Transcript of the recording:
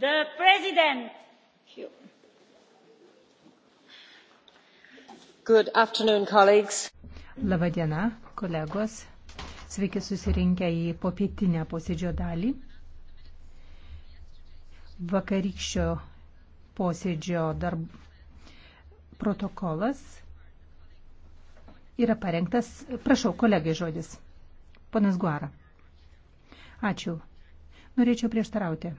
The President. Good afternoon, colleagues. Labadiena, kolegos. Sveiki susirinkę į popietinę posėdžio dalį. Vakarykščio posėdžio darb... protokolas yra parengtas. Prašau, kolegai žodis. Ponas Guara. Ačiū. Norėčiau prieštarauti.